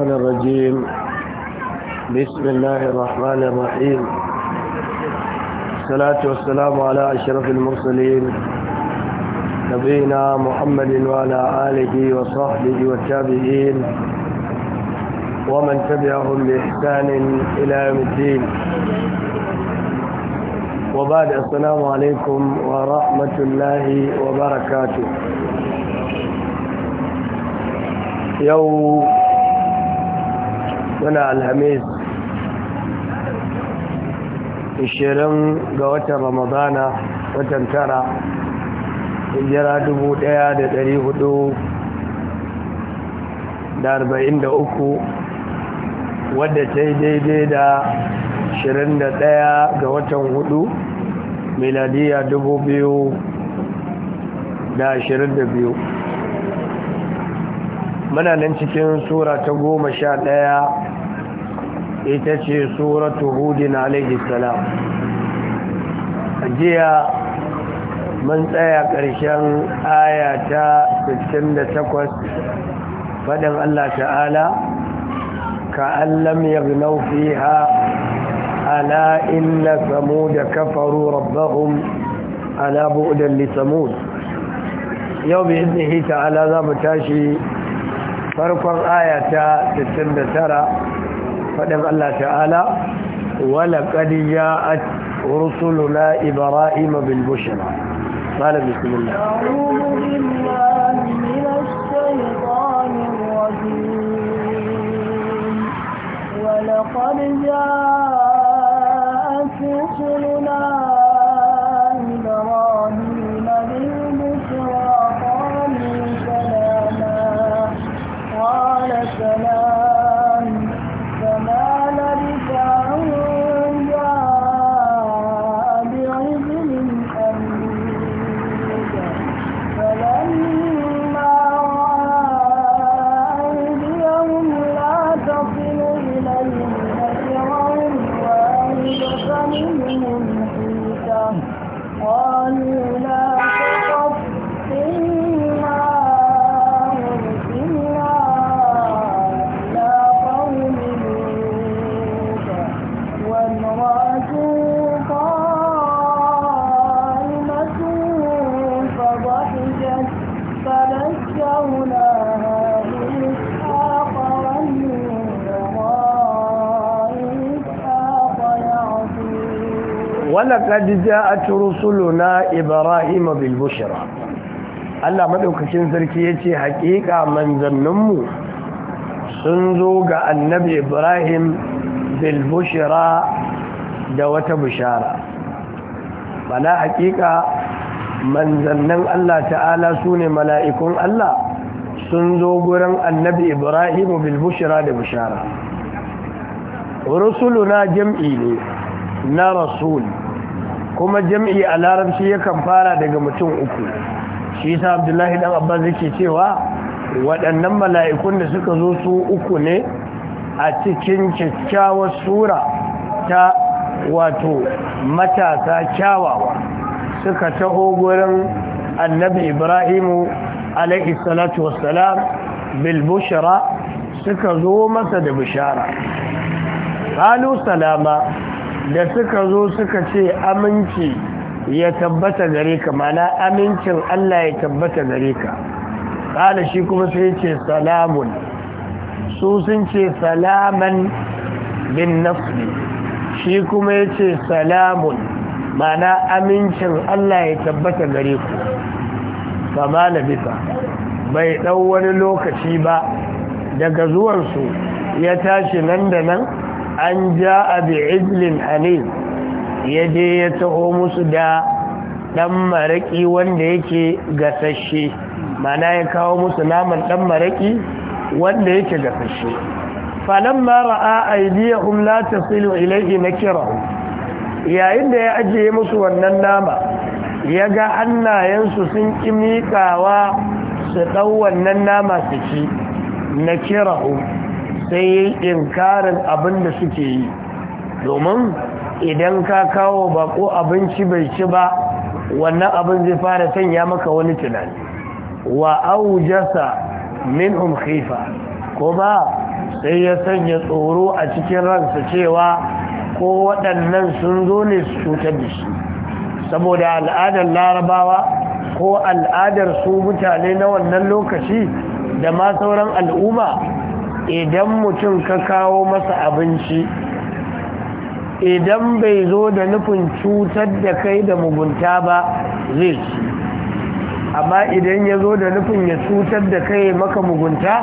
الرحمن الرجيم بسم الله الرحمن الرحيم الصلاة والسلام على أشرف المرسلين نبينا محمد وعلى آله وصحبه والتابعين ومن تبعهم بإحسان إلى يوم الدين وبعد السلام عليكم ورحمة الله وبركاته يوم muna alhamis ishirin ga watan ramadana watan tara hijira dubu ɗaya da dari hudu da arba'in da uku wadda ta yi daidai da ashirin da ɗaya ga watan hudu miladiya dubu biyu da ashirin da biyu muna nan cikin sura ta goma sha ɗaya ita ce suratu hudin alaihissalam jiya mun tsaya ƙarshen aya ta 68 faɗin Allah ta'ala ka allam yagnau ha ala samu da kafaru rabbahum ala bu'dan li yau bi iznihi ta'ala za mu tashi farkon aya ta 69 faɗin الله تعالى ولقد جاءت رسلنا إبراهيم بالبشرى قال بسم الله أعوذ بالله من الشيطان الرجيم ولقد جاءت رسلنا لقد جاءت na إبراهيم بالبشرى Allah madaukakin sarki yace haƙiƙa manzanninmu sun zo ga annabi Ibrahim bil bushra da wata bishara Bana haƙiƙa manzannin Allah ta'ala sune mala'ikun Allah sun zo gurin annabi Ibrahim bil bushra da bishara rusuluna jam'i ne na rasul kuma jam'i a larabci yakan fara daga mutum uku shi sa abdullahi ɗan Abba yake cewa waɗannan mala'ikun da suka zo su uku ne a cikin kyakkyawar sura ta wato matasa kyawawa suka taho gurin annabi ibrahimu alaihi salatu wassalam bilbushara suka zo masa da bishara qalu salama da suka zo suka ce aminci ya tabbata gare ka mana amincin Allah ya tabbata gare ka kala shi kuma sai ce salamun su sun ce salaman bin nafsi shi kuma ya ce salamun mana amincin Allah ya tabbata gare ku kama na bisa bai ɗau wani lokaci ba daga zuwansu ya tashi nan da nan an ja bi izlin hanif ya je ya taho musu da ɗan maraƙi wanda yake gasashe mana ya kawo musu naman ɗan maraƙi wanda yake gasashe falamma ra'a aydiyahum la tasilu ilayhi nakirahu yayin da ya ajiye musu wannan nama ya ga hannayensu sun ƙi miƙawa su ɗau wannan nama su ci nakirahu sai yi inkarin abin da suke yi domin idan ka kawo bako abinci bai ci ba wannan abin zai fara sanya maka wani tunani wa aujasa min khifa kuma sai ya sanya tsoro a cikin ransa cewa ko waɗannan sun zo ne su cutar da shi saboda al'adar larabawa ko al'adar su mutane na wannan lokaci da ma sauran al'umma idan mutum ka kawo masa abinci idan bai zo da nufin cutar da kai da mugunta ba zai ci amma idan ya zo da nufin ya cutar da kai maka mugunta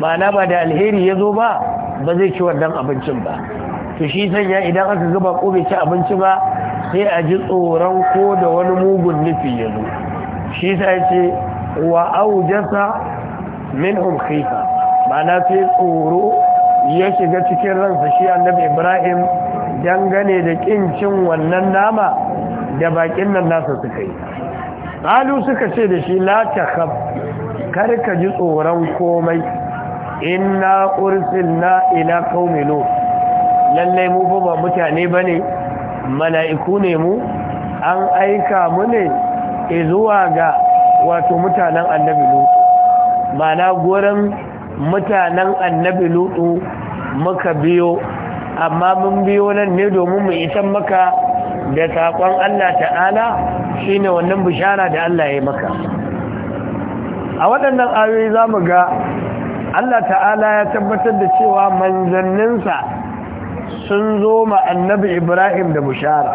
ba na ba da alheri ya zo ba ba zai ci wannan abincin ba to shi sanya idan aka zuba ko bai ci abinci ba sai a ji tsoron ko da wani mugun nufi ya zo shi sa ce wa jasa min khifa Mana sai tsoro ya shiga cikin ransa shi annabi ibrahim dangane da kincin wannan nama da bakin nan nasa suka yi alu suka ce da shi la takhaf kar ka ji tsoron komai inna ursilna ila qaumi lu lalle mu ba mutane bane mala'iku ne mu an aika mu ne zuwa ga wato mutanen annabi lu mana goran mutanen annabi lutu muka biyo amma mun biyo nan ne domin mu isan maka da saƙon Allah ta'ala shine wannan bishara da Allah ya maka a waɗannan ayoyi za mu ga Allah ta'ala ya tabbatar da cewa manzanninsa sun zo ma annabi Ibrahim da bishara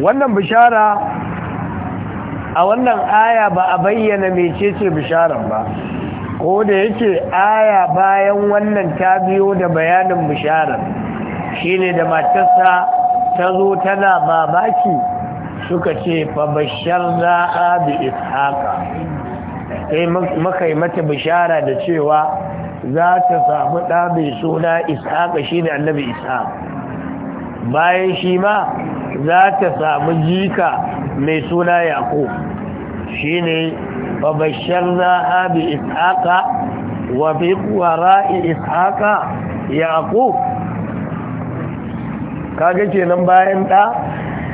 wannan bishara a wannan aya ba a bayyana mai mecece bisharar ba ko da yake aya bayan wannan ta biyo da bayanin bisharar shine da matarsa ta zo tana babaki suka ce fa bashar a bi ishaka sai makai mata bishara da cewa za ta samu ɗa mai suna shi shine annabi ishaka, bayan shi ma za ta samu jika mai suna yaqub shine wa basharna abi ishaqa wa bi wara'i ishaqa yaqub kaga kenan bayan da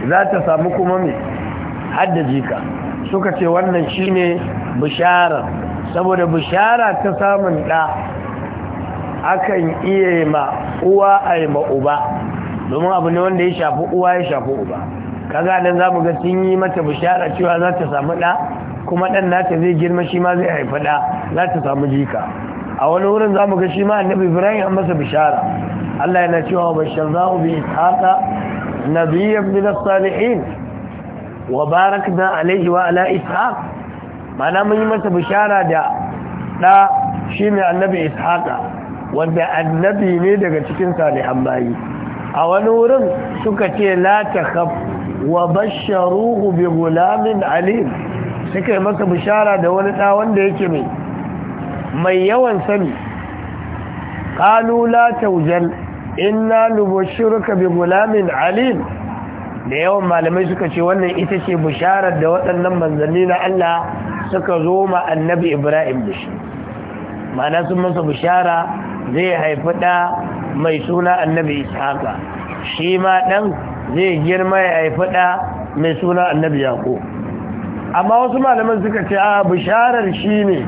za ta samu kuma me hadda jika suka ce wannan shine bishara saboda bishara ta samun da akan iya ma uwa a ma uba domin abu ne wanda ya shafi uwa ya shafi uba kaga nan zamu ga sun yi mata bishara cewa za ta samu ɗa kuma ɗan nata zai girma shi ma zai haifa ɗa za ta samu jika a wani wurin zamu ga shi ma annabi ibrahim an masa bishara Allah yana cewa bashar za bi ishaqa nabiyyan min as-salihin wa barakna alayhi wa ala ishaq mana mun yi masa bishara da ɗa ne annabi ishaqa wanda annabi ne daga cikin salihan bayi a wani wurin suka ce la takhaf wa basharuhu bi gulamin alim suka yi masa bishara da wani ɗa wanda yake mai mai yawan sani Kalu la taujal inna nubashiruka bi gulamin alim da yawan malamai suka ce wannan ita ce bisharar da waɗannan manzanni na Allah suka zo ma annabi Ibrahim da shi ma'ana sun masa bishara zai haifi ɗa mai suna annabi Ishaka shi ma ɗan zai girma ya haifi mai suna annabi yaƙo amma wasu malaman suka ce a bisharar shi ne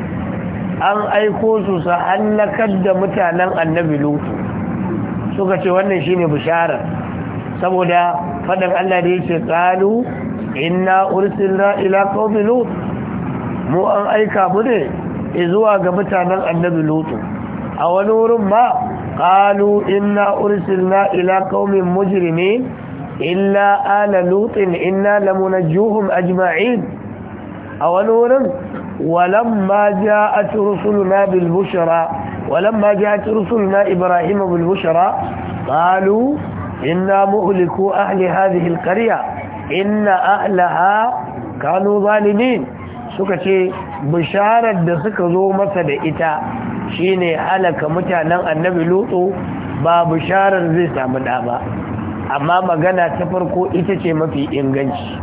an aiko su su hallakar da mutanen annabi lutu suka ce wannan shi ne bisharar saboda faɗin allah da ya ce ƙalu inna ursila ila kawai lutu mu an aika mu ne zuwa ga mutanen annabi lutu a wani wurin ma ƙalu inna ursila ila ƙaumin mujrimin illa ala lutin inna lamunajjuhum ajma'in a wani wurin walamma ja'at rusuluna bil bushra walamma ja'at rusuluna ibrahim bil bushra qalu inna muhliku ahli hadhihi al qarya inna ahlaha kanu zalimin suka ce bisharar da suka zo masa da ita shine halaka mutanen annabi lutu ba bisharar zai samu da ba amma magana ta farko ita ce mafi inganci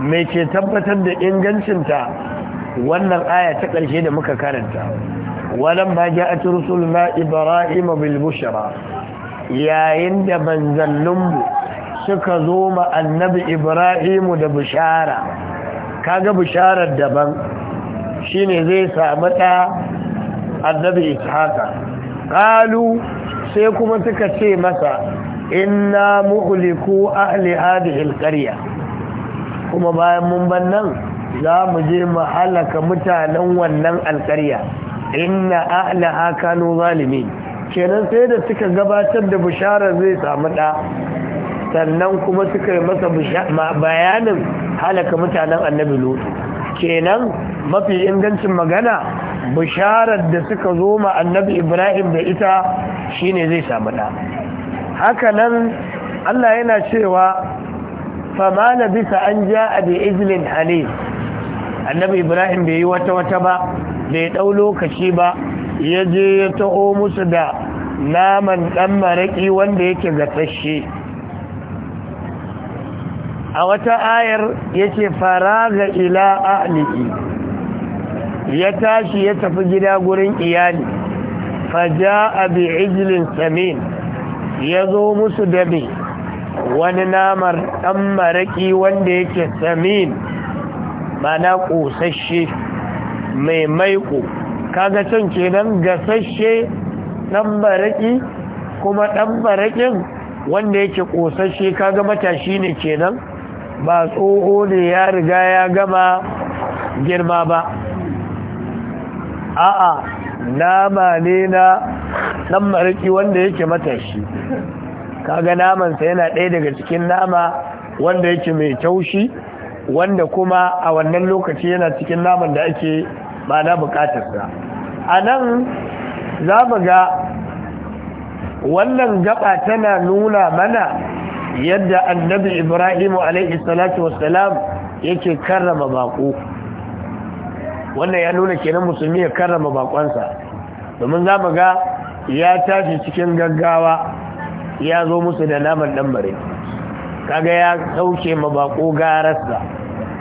mai ce tabbatar da ingancinta wannan aya ta ƙarshe da muka karanta Wannan ba ja a na ibrahim bil yayin da manzanninmu suka zo ma annabi ibrahimu da bishara kaga bisharar daban shine zai samu ɗa annabi ishaqa Kalu sai kuma suka ce masa inna muhliku ahli hadhihi alqarya kuma bayan mun ban nan za mu je mu halaka mutanen wannan alqarya inna ahliha kanu zalimin kenan sai da suka gabatar da bishara zai samu da sannan kuma suka yi masa bayanin halaka mutanen annabi lutu kenan mafi ingancin magana bisharar da suka zo ma annabi ibrahim da ita shine zai samu da haka nan Allah yana cewa fama na bisa an ja a bi izlin annabi ibrahim bai yi wata wata ba bai ɗau lokaci ba ya je ya taho musu da naman ɗan maraƙi wanda yake gasasshe. a wata ayar ya fara ga ila ahliki ya tashi ya tafi gida gurin iyali faja a bi izlin samin ya zo musu da wani namar ɗan maraƙi wanda yake samin mana ƙosashe mai maiƙo kaga can kenan gasashe ɗan maraƙi kuma ɗan maraƙin wanda yake ƙosashe kaga matashi ne kenan ba tsoho ne ya riga ya gama girma ba a'a nama ne na ɗan mariki wanda yake matashi kaga namansa yana ɗaya daga cikin nama wanda yake mai taushi wanda kuma a wannan lokaci yana cikin naman da ake mana bukatarsa a nan za mu ga wannan gaba tana nuna mana yadda annabi ibrahimu alaihi salatu wassalam yake karrama baƙo wannan ya nuna kenan musulmi ya karrama bakonsa domin za mu ga ya tashi cikin gaggawa ya zo musu da naman dan bare kaga ya sauke ma bako gararsa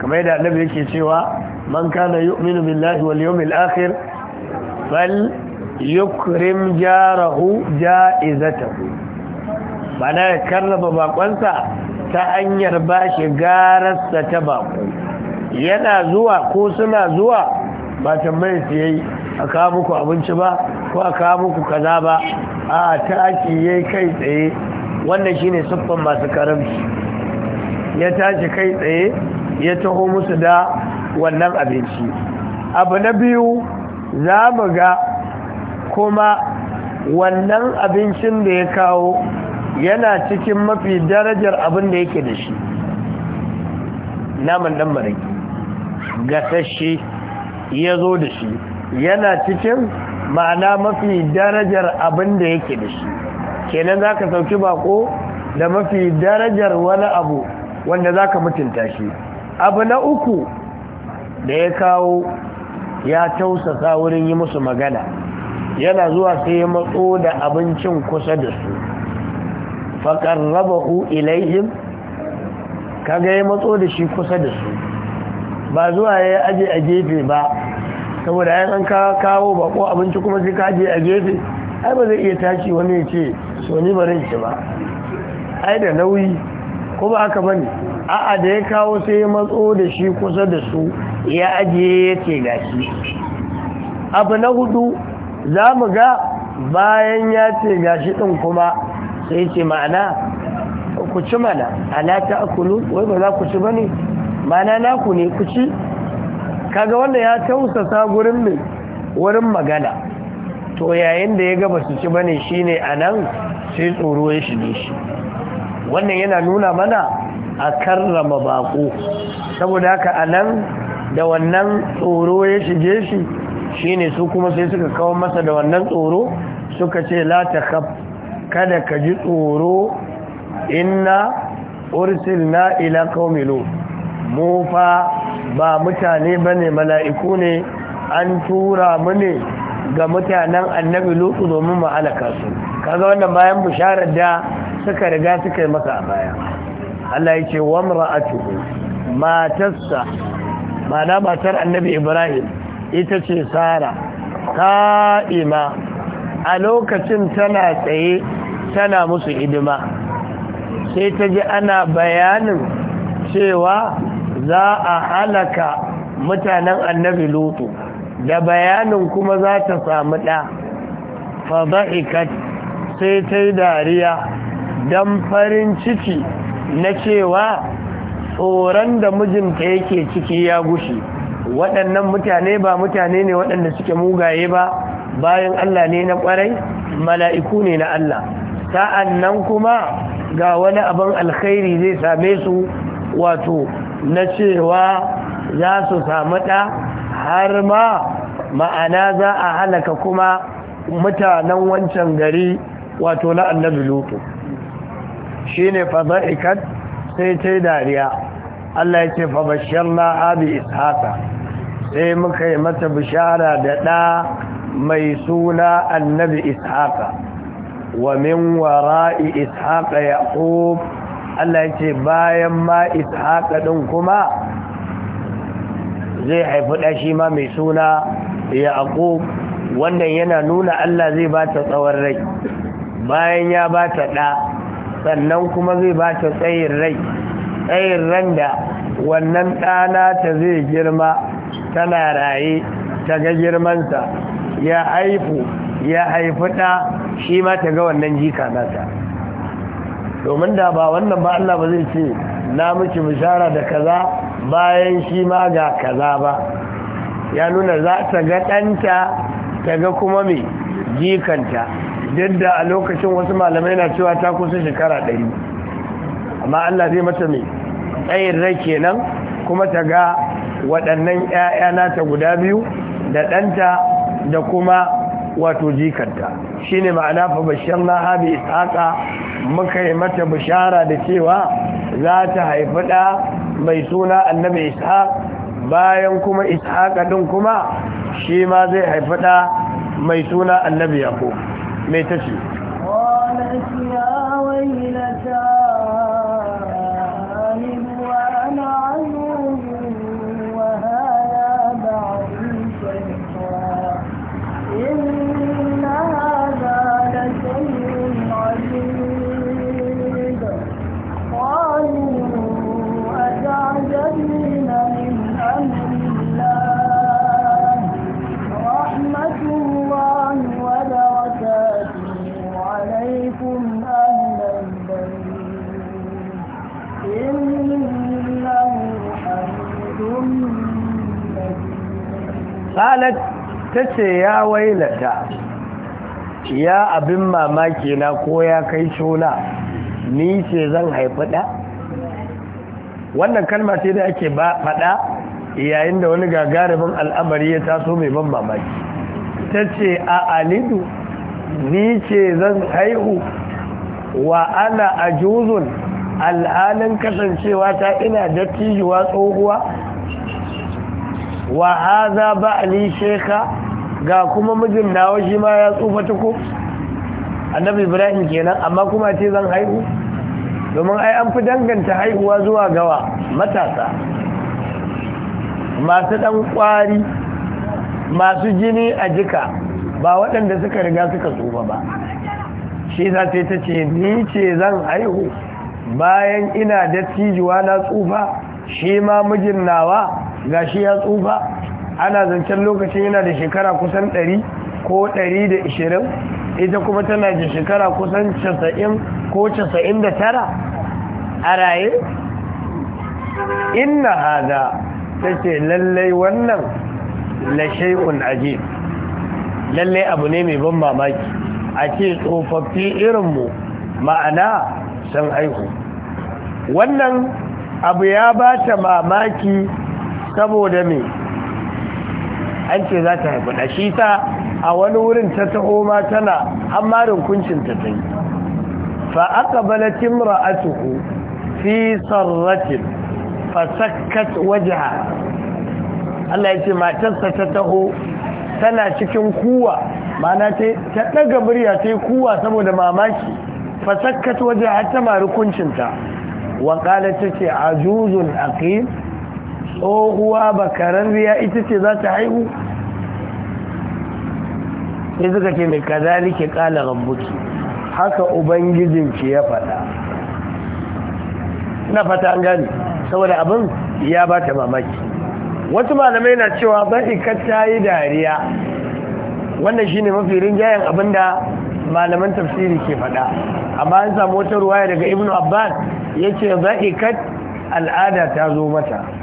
kamar da annabi yake cewa man kana yu'minu billahi wal yawmil akhir fal yukrim jarahu ja'izatahu bana ya karrama bakonsa ta hanyar bashi gararsa ta bako yana zuwa ko suna zuwa ba mai su yayi a kawo muku abinci ba ko a kawo muku kaza ba a taki yi kai tsaye wannan shine siffan masu karamci ya tashi kai tsaye ya taho musu da wannan abinci abu na biyu za mu ga kuma wannan abincin da ya kawo yana cikin mafi darajar abin da yake da shi naman dan mara gasashe ya zo da shi yana cikin ma'ana mafi darajar abin da yake da shi kenan za ka sauki bako da mafi darajar wani abu wanda za ka mutunta shi abu na uku da ya kawo ya tausasa wurin yi musu magana yana zuwa sai ya matso da abincin kusa da su faƙar ku ilayhim kaga ya matso da shi kusa da su ba zuwa ya aje a gefe ba saboda ya san ka kawo bako abinci kuma sai ka a gefe ai ba zai iya tashi wani ya ce so ni ba rin ci ba ai da nauyi ko ba haka bane a'a da ya kawo sai ya matso da shi kusa da su ya ajiye ya ce gashi abu na hudu za mu ga bayan ya ce gashi din kuma sai ce ma'ana ku ci mana ala ta akulu wai ba za ku ci bane ma'ana naku ne ku ci kaga wanda ya tausasa gurin mai wurin magana to yayin da ya gaba su ci bane shine nan sai tsoro ya shige shi wannan yana nuna mana a karrama baƙo saboda haka a nan da wannan tsoro ya shige shi shine su kuma sai suka kawo masa da wannan tsoro suka ce la takhaf kada ka ji tsoro inna na ila komilo. Mufa ba mutane bane mala'iku ne an tura mu ne ga mutanen annabi lutu domin mu halaka su kaga wannan bayan bisharar da suka riga suka yi masa a baya Allah ya ce wa mar'atuhu matarsa mana matar annabi Ibrahim ita ce Sara ka'ima a lokacin tana tsaye tana musu hidima sai ta ji ana bayanin cewa za a halaka mutanen annabi lutu da bayanin kuma za ta samu ɗa fada'ikat sai ta yi dariya don farin ciki na cewa tsoron da mijinta yake ciki ya gushi waɗannan mutane ba mutane ne waɗanda suke mugaye ba bayan Allah ne na ƙwarai mala'iku ne na Allah sa'an nan kuma ga wani abin alkhairi zai same su wato na cewa za su samu ɗa har ma ma'ana za a halaka kuma mutanen wancan gari wato na annabi lutu shi ne faza'ikat sai ta dariya Allah ya ce fabashiyar na ishaka sai muka yi mata bishara da ɗa mai suna annabi ishaka wa min wara'i ishaka ya Allah ya ce bayan ma ishaqa ɗin kuma zai haifi da shi ma mai suna yaqub wannan yana nuna Allah zai ba ta tsawon rai bayan ya ba ta da sannan kuma zai ba ta tsayin rai tsayin ran da wannan ɗana ta zai girma tana raye ta ga girmansa ya haifu ya haifi ɗa shi ma ta ga wannan jika nata domin da ba wannan ba Allah ba zai ce na miki bishara da kaza bayan shi ma ga kaza ba ya nuna za ta ga ɗanta ta ga kuma mai jikanta duk da a lokacin wasu malamai na cewa ta kusa shekara ɗari amma Allah zai mata mai tsayin rai kenan kuma ta ga waɗannan 'ya'ya nata guda biyu da ɗanta da kuma wato jikanta shine ma'ana fa basharna habi ishaqa muka yi mata bishara da cewa za ta haifi ɗa mai suna annabi isa bayan kuma ishaqa ɗin kuma shi ma zai haifi ɗa mai suna annabi yaqub me tace qalat ya qalat tace ya wailata ya abin mamaki na ko ya kai shona ni ce zan haifi da wannan kalma ce da ake fada yayin da wani gagarumin al'amari ya taso mai ban mamaki tace a alidu ni ce zan haihu wa ana ajuzun al'alin kasancewa ta ina dattijuwa tsohuwa wa haza Ali sheka ga kuma mijin nawa shi ma ya tsufa tuku annabi ibrahim kenan amma kuma ce zan haihu domin ai an fi danganta haihuwa zuwa gawa matasa masu dan kwari masu jini a jika ba waɗanda suka riga suka tsufa ba shi za ta ta ce ni ce zan haihu bayan ina da na tsufa shi ma mijin nawa gashi ya tsufa ana zancen lokacin yana da shekara kusan 100 ko 120 ita kuma tana da shekara kusan 90 ko casa'in da tara a raye inna hada ta ce lallai wannan lashe'un aji lallai abu ne mai ban mamaki a ce tsofaffi irinmu ma'ana sun haihu wannan abu ya ba ta mamaki saboda me an ce za ta haifi da shi ta a wani wurin ta taho ma tana amarin kuncin ta ta yi fa aka balatin ra'atuhu fi sarratin fa wajaha Allah ya ce matarsa ta taho tana cikin kuwa mana ta ɗaga murya ta yi kuwa saboda mamaki Fasakar waje wajaha ta mari kuncinta wa kala ta ce ajuzun aqim tsohuwa bakararriya ita ce za ta haihu sai suka ce mai kazalike kala rambuki haka ubangijinki ya faɗa na fata an gani saboda abin ya ba ta mamaki wasu malamai na cewa ba'ikat ta yi dariya wannan shine mafi rinjayen abinda malaman tafsiri ke faɗa amma an samu wata ruwaya daga ibnu abbas yace za'ikat al'ada ta zo mata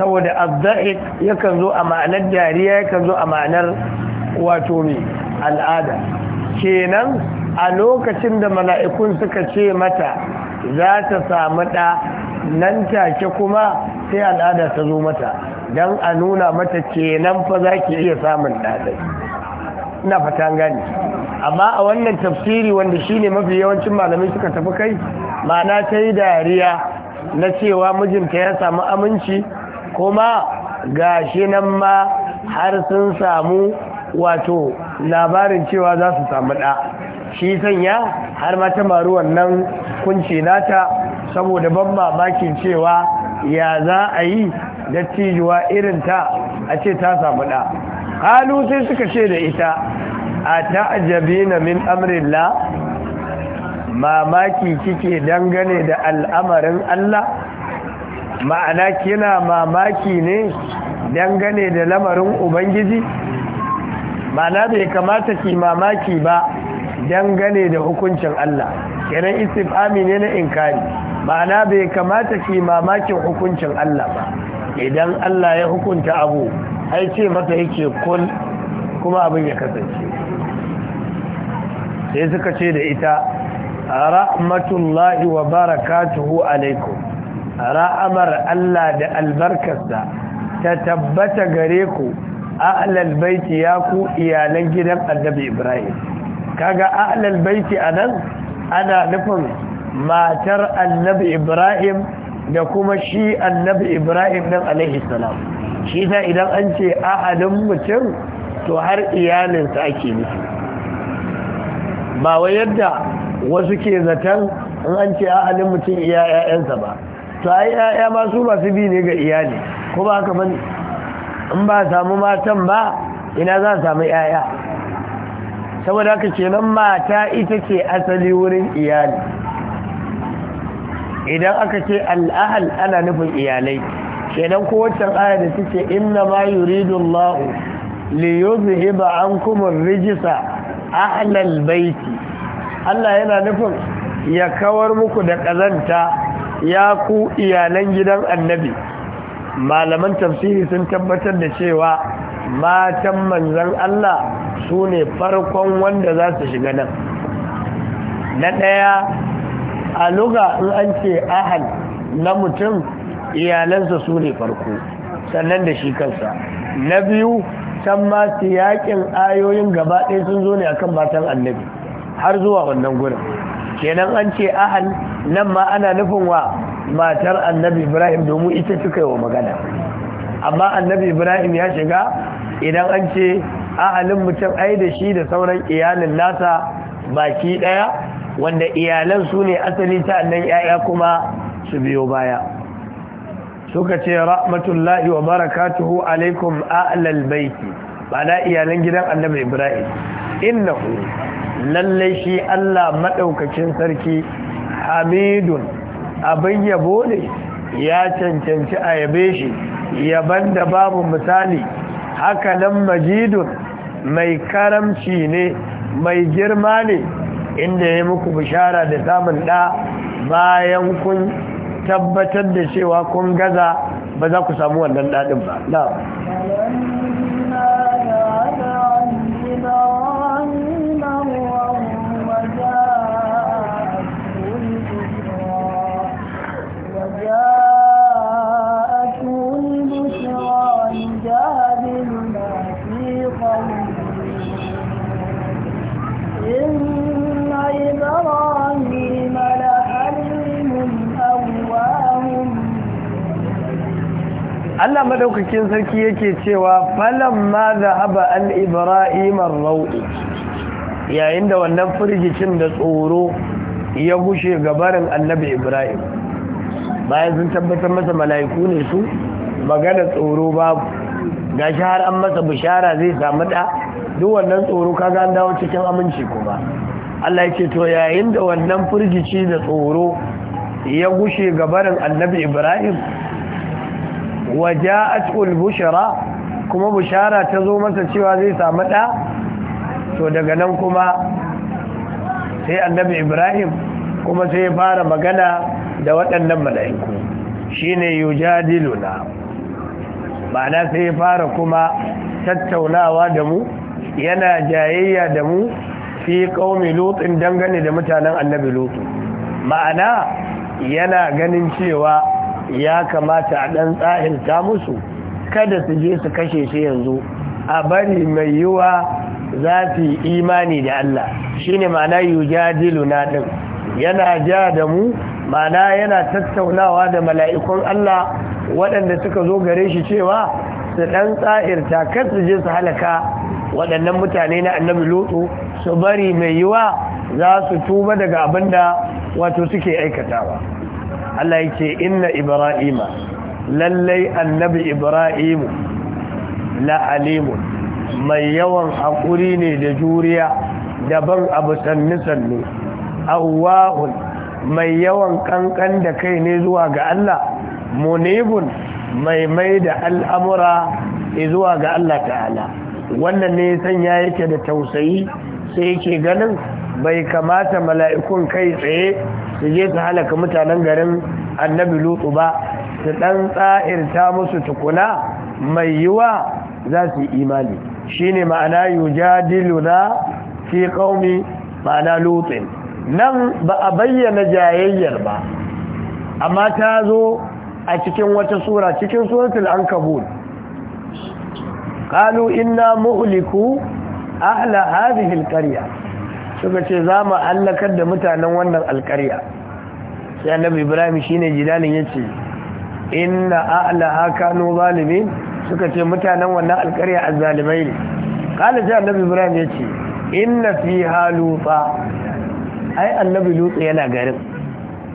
saboda azza'ik yakan zo a ma'anar jariya yakan zo a ma'anar wato ne al'ada kenan a lokacin da mala'ikun suka ce mata za ta samu ɗa nan take kuma sai al'ada ta zo mata don a nuna mata kenan fa za ki iya samun ɗaɗai ina fatan gani amma a wannan tafsiri wanda shine mafi yawancin malamai suka tafi kai ma'ana ta yi dariya na cewa mijinta ya samu aminci kuma gashi nan ma har sun samu wato labarin cewa za su samu ɗa shi sanya har ma ta maru wannan kunci nata saboda ban mamakin cewa ya za a yi dattijuwa ta a ce ta samu ɗa halu sai suka ce da ita a ta'ajabi na min amrilla mamaki kike dangane da al'amarin Allah ma'ana kina mamaki ne dangane da lamarin ubangiji ma'ana bai kamata ki mamaki ba dangane da hukuncin Allah kenan istifami ne na inkari ma'ana bai kamata ki mamakin hukuncin Allah ba idan Allah ya hukunta abu ai ce mata yake kun kuma abin ya kasance sai suka ce da ita rahmatullahi wa barakatuhu alaikum ra'amar Allah da albarkarsa ta tabbata gare ku a'lal baiti ya ku iyalan gidan annabi Ibrahim kaga a'lal baiti anan ana nufin matar annabi Ibrahim da kuma shi annabi Ibrahim din alaihi salam shi da idan an ce a'alin mutum to har iyalinsa ake nufi ba wa yadda wasu ke zaton in an ce a'alin mutum iya 'ya'yansa ba to ai ya'ya masu su masu bi ne ga iyali ko ba ka ban in ba samu matan ba ina za samu ya'ya saboda haka nan mata ita ce asali wurin iyali idan aka ce al'ahal ana nufin iyalai kenan ko waccan aya da take inna ma yuridu Allah li an kuma ar-rijsa ahlal baiti Allah yana nufin ya kawar muku da kazanta ya ku iyalan gidan annabi malaman tafsiri sun tabbatar da cewa matan manzan Allah su ne farkon wanda za su shiga nan na ɗaya a luga in an ce ahal na mutum iyalansa su ne farko sannan da shi kansa na biyu can ma yaƙin ayoyin gaba ɗaya sun zo ne akan matan annabi har zuwa wannan gurin kenan an ce ahal nan ma ana nufin wa matar annabi ibrahim domin ita suka yi wa magana amma annabi ibrahim ya shiga idan an ce ahalin mutum ai da shi da sauran iyalin nasa baki daya wanda iyalan su ne asali ta annan yaya kuma su biyo baya suka ce rahmatullahi wa barakatuhu alaikum a'lal baiti ba iyalan gidan annabi ibrahim innahu lallai shi Allah maɗaukacin sarki hamidun abin yabo ne ya cancanci a yabe shi yaban da babu misali haka nan majidun mai karamci ne mai girma ne inda ya muku bishara da samun ɗa bayan kun tabbatar da cewa kun gaza ba za ku samu wannan daɗin ba. Allah madaukakin sarki yake cewa falan ma zahaba an ibrahimar rau'i yayin da wannan firgicin da tsoro ya gushe gabarin annabi ibrahim bayan sun tabbatar masa mala'iku ne su magana tsoro babu gashi har an masa bishara zai samu da duk wannan tsoro ka an dawo cikin aminci kuma Allah ya ce to yayin da wannan firgici da tsoro ya gushe gabarin annabi ibrahim wa ja'atul bushara kuma bushara ta zo masa cewa zai samu ɗa to daga nan kuma sai annabi ibrahim kuma sai ya fara magana da waɗannan mala'iku shine yujadiluna ma'ana sai ya fara kuma tattaunawa da mu yana jayayya da mu fi qaumi lutsin dangane da mutanen annabi lutu ma'ana yana ganin cewa ya kamata a ɗan tsahirta musu kada su je su kashe shi yanzu a bari mai yiwa za su yi imani da Allah shi ne mana na ɗin yana ja da mu mana yana tattaunawa da mala'ikun Allah waɗanda suka zo gare shi cewa su ɗan tsahirta kar su je su halaka waɗannan mutane na annabi lotu su bari mai yiwa za su tuba daga abin da wato suke aikatawa Allah yake inna ibrahima lallai annabi ibrahimu la alimu mai yawan hakuri ne da juriya daban abu sannu sannu awwa'un mai yawan kankan da kai ne zuwa ga Allah munibun mai mai da al'amura zuwa ga Allah ta'ala wannan ne sanya yake da tausayi sai yake ganin bai kamata mala'ikun kai tsaye su je su halaka mutanen garin annabi lutu ba su ɗan tsa'irta musu tukuna mai yiwa za su yi imani shi ne ma'ana yujadiluna fi ƙaumi ma'ana lutin nan ba a bayyana jayayyar ba amma ta zo a cikin wata sura cikin suratul ankabut qalu inna muhliku ahla hadhihi alqarya suka ce za mu hallakar da mutanen wannan alƙarya sai annabi ibrahim shine jidalin yace inna a'laha kanu zalimin suka ce mutanen wannan alƙarya azzalimai ne kala sai annabi ibrahim yace inna fiha lufa ai annabi lutsu yana garin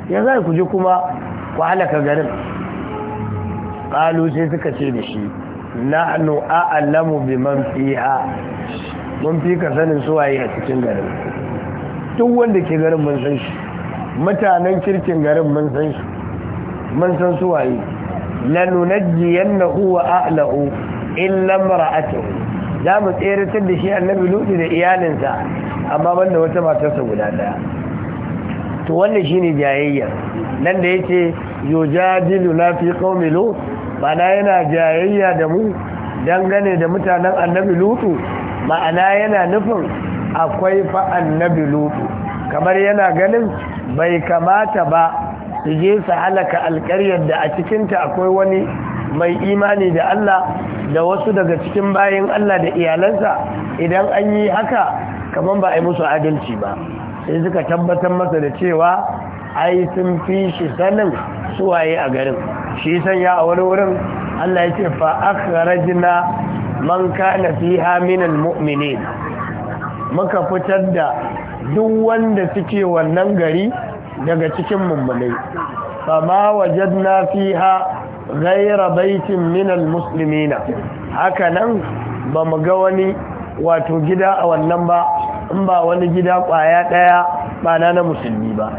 ya zai kuje kuma ku halaka garin kalu sai suka ce da shi nahnu a'lamu biman fiha mun fi ka sanin suwaye a cikin garin duk wanda ke garin mun san shi mutanen kirkin garin mun san shi mun san suwaye lanunajjiyannahu wa ahlahu illa mar'atuhu za mu tseratar da shi annabi lutu da iyalinsa amma banda wata matarsa guda daya to wannan shine jayayya nan da yace yujadilu na fi qaumi bana yana jayayya da mu dangane da mutanen annabi lutu ma'ana yana nufin akwai fa annabi lutu kamar yana ganin bai kamata ba su je su halaka alƙaryar da a cikinta akwai wani mai imani da Allah da wasu daga cikin bayan Allah da iyalansa idan an yi haka kamar ba a yi musu adalci ba sai suka tabbatar masa da cewa ai sun fi shi sanin suwaye a garin shi sanya a wani wurin Allah ya ce fa akhrajna man kana fiha minal mu'minin muka fitar da duk wanda suke wannan gari daga cikin mummunai fama wajadna fiha ghayra baitin minal muslimina haka nan ba mu ga wani wato gida a wannan ba in ba wani gida kwaya daya ba na na musulmi ba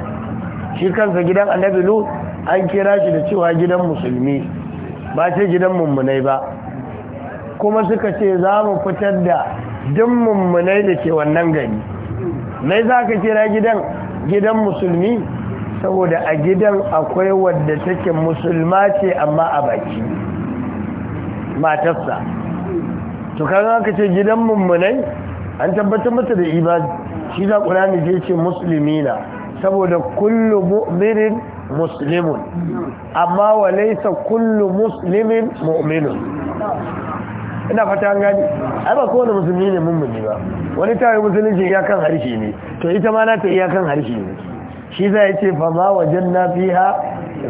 shi kansa gidan annabi lut an kira shi da cewa gidan musulmi ba ce gidan mummunai ba kuma suka ce za mu fitar da duk mummunai da ke wannan gari mai za ka kira gidan gidan musulmi saboda a gidan akwai wadda take musulma ce amma a baki matarsa to kaga ka ce gidan mummunai an tabbatar mata da ibadi shi za ƙurani je ce musulmina saboda kullu mu'minin muslimun amma wa laysa kullu muslimin mu'minun ina fata an gani ai ba kowane musulmi ne mummuni ba wani tawaye musulunci iyakan harshe ne to ita ma nata iyakan harshe ne shi za ya ce fa ma wajen na fiha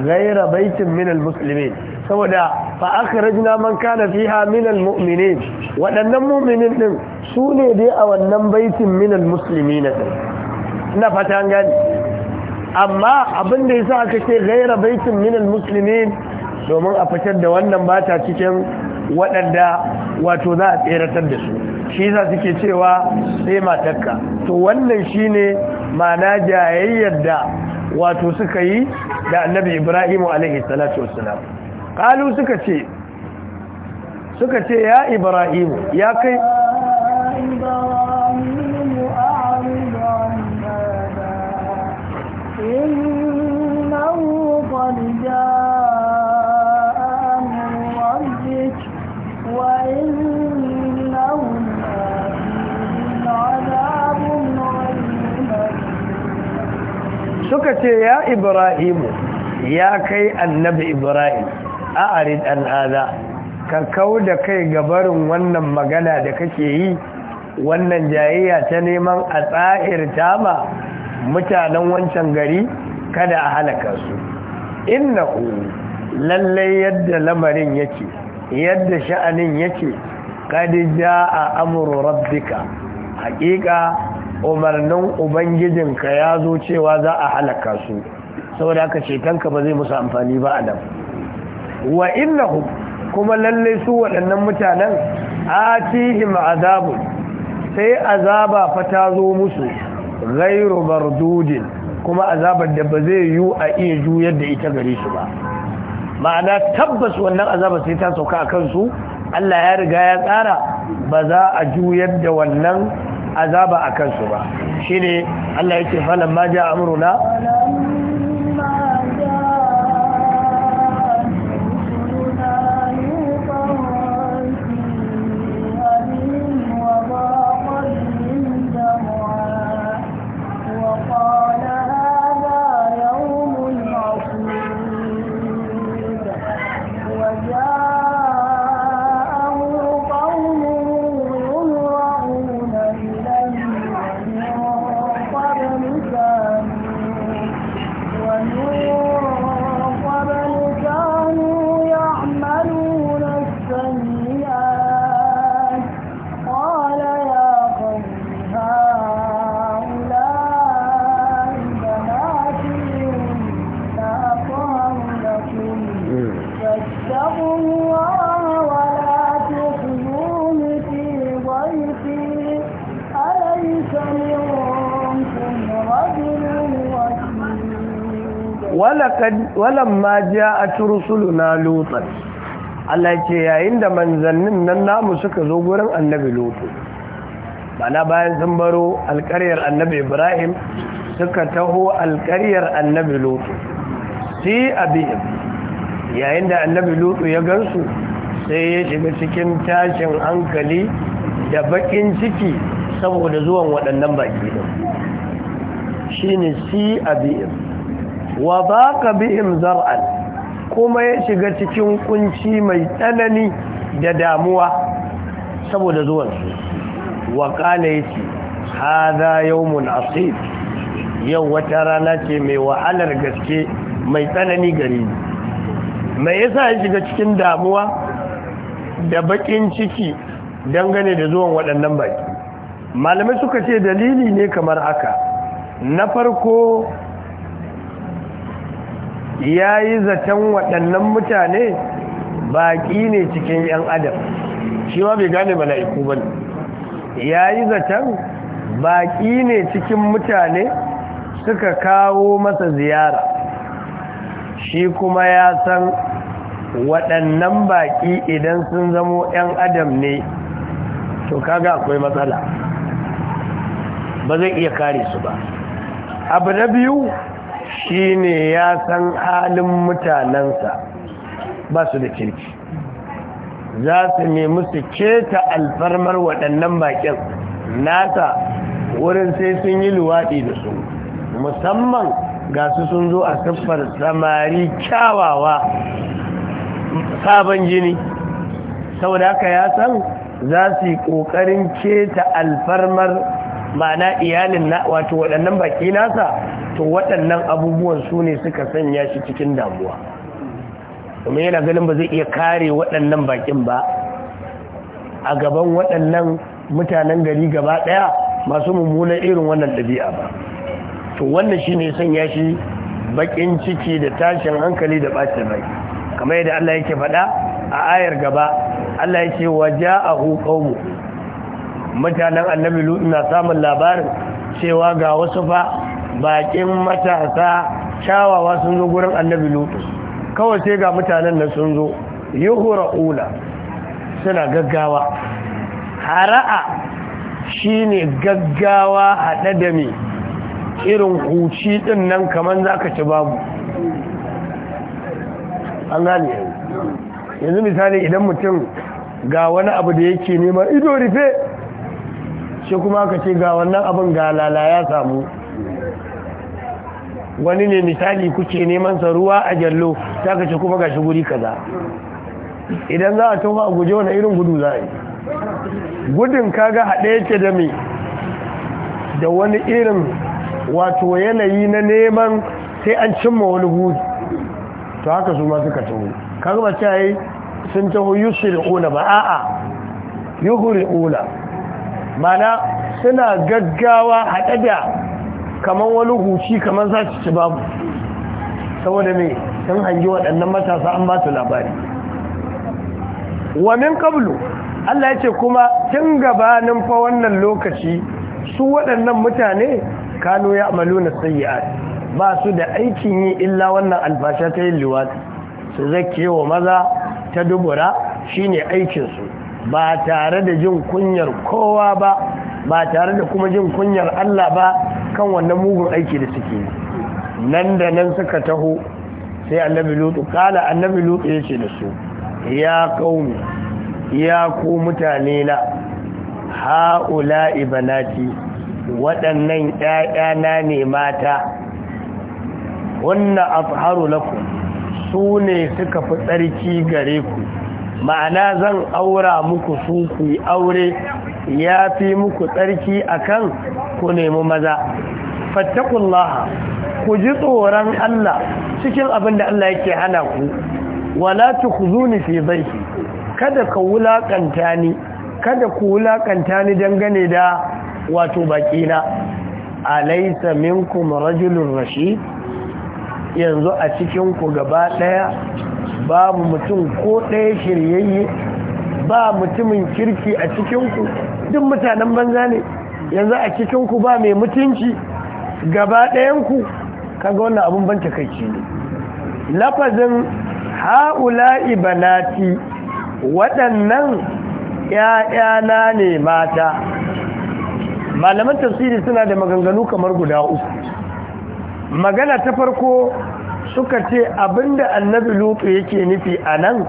gaira baitin minal musulmi saboda fa aka rajina man kana fiha minal mu'mini waɗannan mu'minin ɗin su ne dai a wannan baitin minal musulmi na ɗin ina fata an gani amma abin da ya sa aka ce gaira baitin minal musulmi domin a fitar da wannan bata cikin waɗanda wato za a tseratar da su shi za suke cewa sai matakka to wannan shine mana jayayyar da wato suka yi da annabi ibrahimu alaihi salatu kalu suka ce suka ce ya ibrahimu ya kai suka ce ya ibrahimu ya kai annabi ibrahim a arid an aza. ka kau da kai gabarin wannan magana da kake yi wannan jayayya ta neman a tsa'irta ma mutanen wancan gari kada a halaka su ku lallai yadda lamarin yake yadda sha'anin yake kadi a amuru rabbika haƙiƙa umarnin ubangijin ka ya zo cewa za a halaka su saboda haka shekanka ba zai musu amfani ba a nan wa innahu kuma lalle su waɗannan mutanen atihim azabu sai azaba fa ta zo musu ghairu mardudin kuma azabar da ba zai yiwu a iya juyar da ita gare su ba ma'ana tabbas wannan azabar sai ta sauka a kansu Allah ya riga ya tsara ba za a juyar da wannan azaba a kansu ba shi ne Allah yake falon ma ja amruna walan ma a turusulu na lutan Allah ce yayin da manzannin nan namu suka zo gurin annabi lutu bana bayan sun baro alƙaryar annabi ibrahim suka taho alƙaryar annabi lutu si abihim yayin da annabi lutu ya gansu sai ya shiga cikin tashin hankali da bakin ciki saboda zuwan waɗannan baki shi shine si abihim wa baqa bihim zar'an kuma ya shiga cikin kunci mai tsanani da damuwa saboda zuwan su wa ce haza hadha yawmun yau wata rana ce mai wahalar gaske mai tsanani gari mai yasa ya shiga cikin damuwa da bakin ciki dangane da zuwan waɗannan baki malamai suka ce dalili ne kamar haka na farko ya yi zaton waɗannan mutane baƙi ne cikin 'yan adam shi ma bai gane mala'iku ba ya yi zaton baƙi ne cikin mutane suka kawo masa ziyara shi kuma ya san waɗannan baƙi idan sun zamo 'yan adam ne to kaga akwai matsala ba zai iya kare su ba abu na biyu Shi ne ya san halin mutanensa ba su da kirki za su nemi su keta alfarmar waɗannan baƙin nata wurin sai sun yi luwaɗi da su musamman ga su sun zo a siffar samari kyawawa sabon jini saboda haka ya san za su yi ƙoƙarin keta alfarmar ma'ana iyalin na wato waɗannan baki nasa to waɗannan abubuwan su ne suka sanya shi cikin damuwa kuma yana ganin ba zai iya kare waɗannan baƙin ba a gaban waɗannan mutanen gari gaba ɗaya masu mummunan irin wannan ɗabi'a ba to wannan shi ne sanya shi baƙin ciki da tashin hankali da ɓacin rai kamar yadda Allah yake faɗa a ayar gaba Allah yake waja a qaumu mutanen annabi lutu na samun labarin cewa ga wasu fa bakin matasa kyawawa sun zo gurin annabi lutu kawai sai ga mutanen nan sun zo ula suna gaggawa hara'a shine gaggawa haɗe da me irin huci ɗin nan kamar za ka ci babu an gane yanzu misali idan mutum ga wani abu da yake nema ido rufe shi kuma ka ce ga wannan abin ga lala ya samu wani ne misali kuke neman sa ruwa a jallo ta ka ce kuma ga shi guri kaza idan za a tofa a guje wani irin gudu za a yi gudun kaga haɗe yake da mai da wani irin wato yanayi na neman sai an cimma wani gudu to haka su ma suka taho kaga ba ta yi sun taho da ula ba a'a da ula mana suna gaggawa haɗe da kamar wani huci kamar za su ci babu saboda mai sun hangi waɗannan matasa an ba su labari wamin kablu allah ya ce kuma tun gabanin fa wannan lokaci su waɗannan mutane kano ya amalu na sayi'ad ba su da aikin yi illa wannan alfasha ta yin liwati su wa maza ta dubura shine aikinsu ba tare da jin kunyar kowa ba ba tare da kuma jin kunyar Allah ba kan wannan mugun aiki da suke nan da nan suka taho sai annabi lutu kala annabi lutu ya ce da su ya kaumi ya ku mutane na ha'ula ibanati waɗannan ƴaƴana ne mata wannan afharu lakum su ne suka fi tsarki gare ku ma'ana zan aura muku su kuyi aure ya fi muku tsarki akan ku nemi maza fattakullaha ku ji tsoron Allah cikin abin da Allah yake hana ku wala tukhzuni fi dhayfi kada ka wulakanta ni kada ku wulaƙanta ni dangane da wato laisa alaysa minkum rajulun rashid yanzu a cikinku ku gaba daya babu mutum ko ɗaya shiryayye ba mutumin kirki a cikinku duk mutanen banza ne yanzu a cikinku ba mai mutunci gaba ɗayanku kaga wannan abin ban takaici ne lafazin ha'ula'i banati waɗannan ‘ya'yana ne mata malaman tafsiri suna da maganganu kamar guda uku magana ta farko suka ce abinda annabi lutu yake nufi a nan